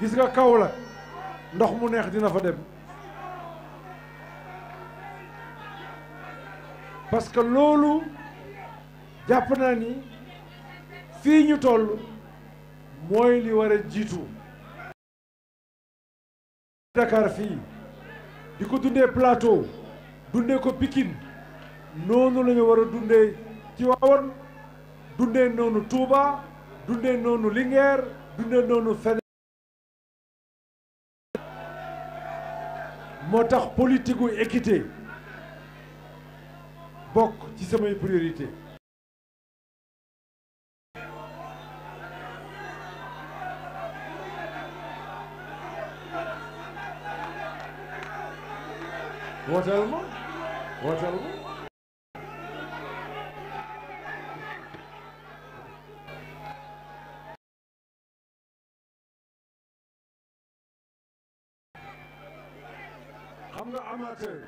gis nga kaw la ndox mu neex dina fa dem parce que loolu jàpp naa ni fii ñu toll mooy li war a jiitu Dakar fii di ko dundee plateau dundee ko Pikine noonu la ñu war a dundee Tivaouane dundee noonu Touba dundee noonu Linguère dundee noonu feneen moo tax politique gu équité bokk ci samay priorité wooteel ma wooteel ma xam nga amateur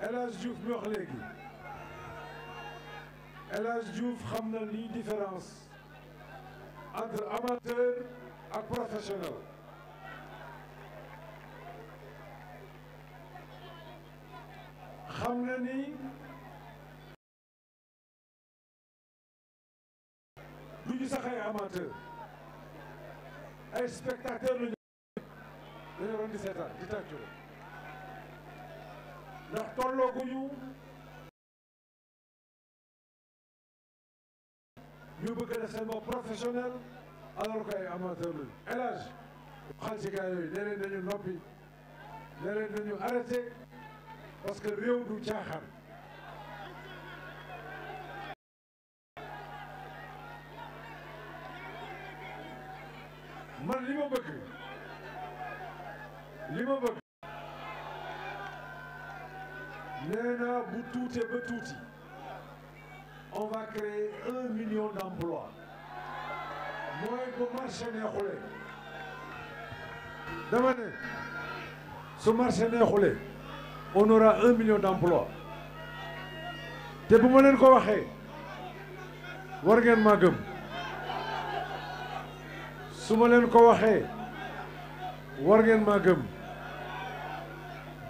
El Hadj Diouf mi wax léegi El Hadj Diouf xam na lii différence entre amateur ak professionnel xam na ni du ñu sax ay amateur ay spectateur lañu dañoo doon di seetaan di tàccu ndax tollooguñu ñu bëgg def seen professionnel alors que ay amateur lañu élage xal ci gaa yooyu nañu noppi ne nañu arrêté parce que réew du caaxaan man li ma bëgg li ma bëgg nee bu tuute ba tuuti on va créer un million d'emplois mooy bu marché neexulee dama ne su marché neexulee on aura un million d'emplois te bu ma leen ko waxee war ngeen maa gëm su ko waxee war ngeen maa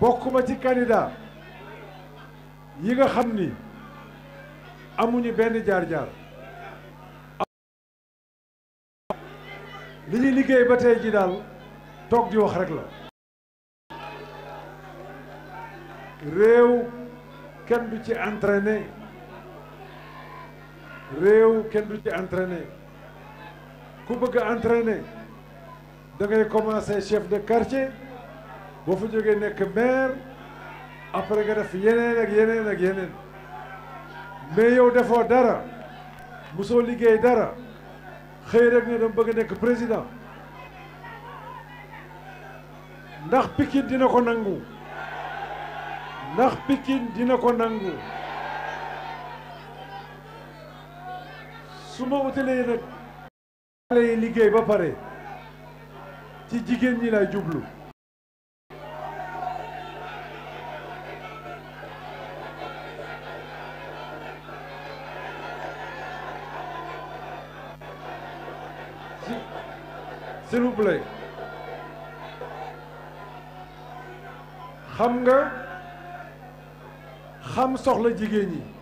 bokkuma ci candidat yi nga xam ni amuñu benn jaar-jaar li ñuy liggéey ba tey ji daal toog di wax rek la réew kenn du ci entrené réew kenn du ci entraîné ku bëgg a entraîné da ngay chef de quartier boo fa jógee nekk maire après nga def yeneen ak yeneen ak yeneen mais yow defoo dara mosoo liggéey dara xëy rek ne dama bëgg nekk président ndax Pikine dina ko nangu ndax Pikine dina ko nangu su ma utalee nag xale liggéey ba pare ci jigéen ñi lay jublu s'il vous plaît xam nga xam soxla jigéen ñi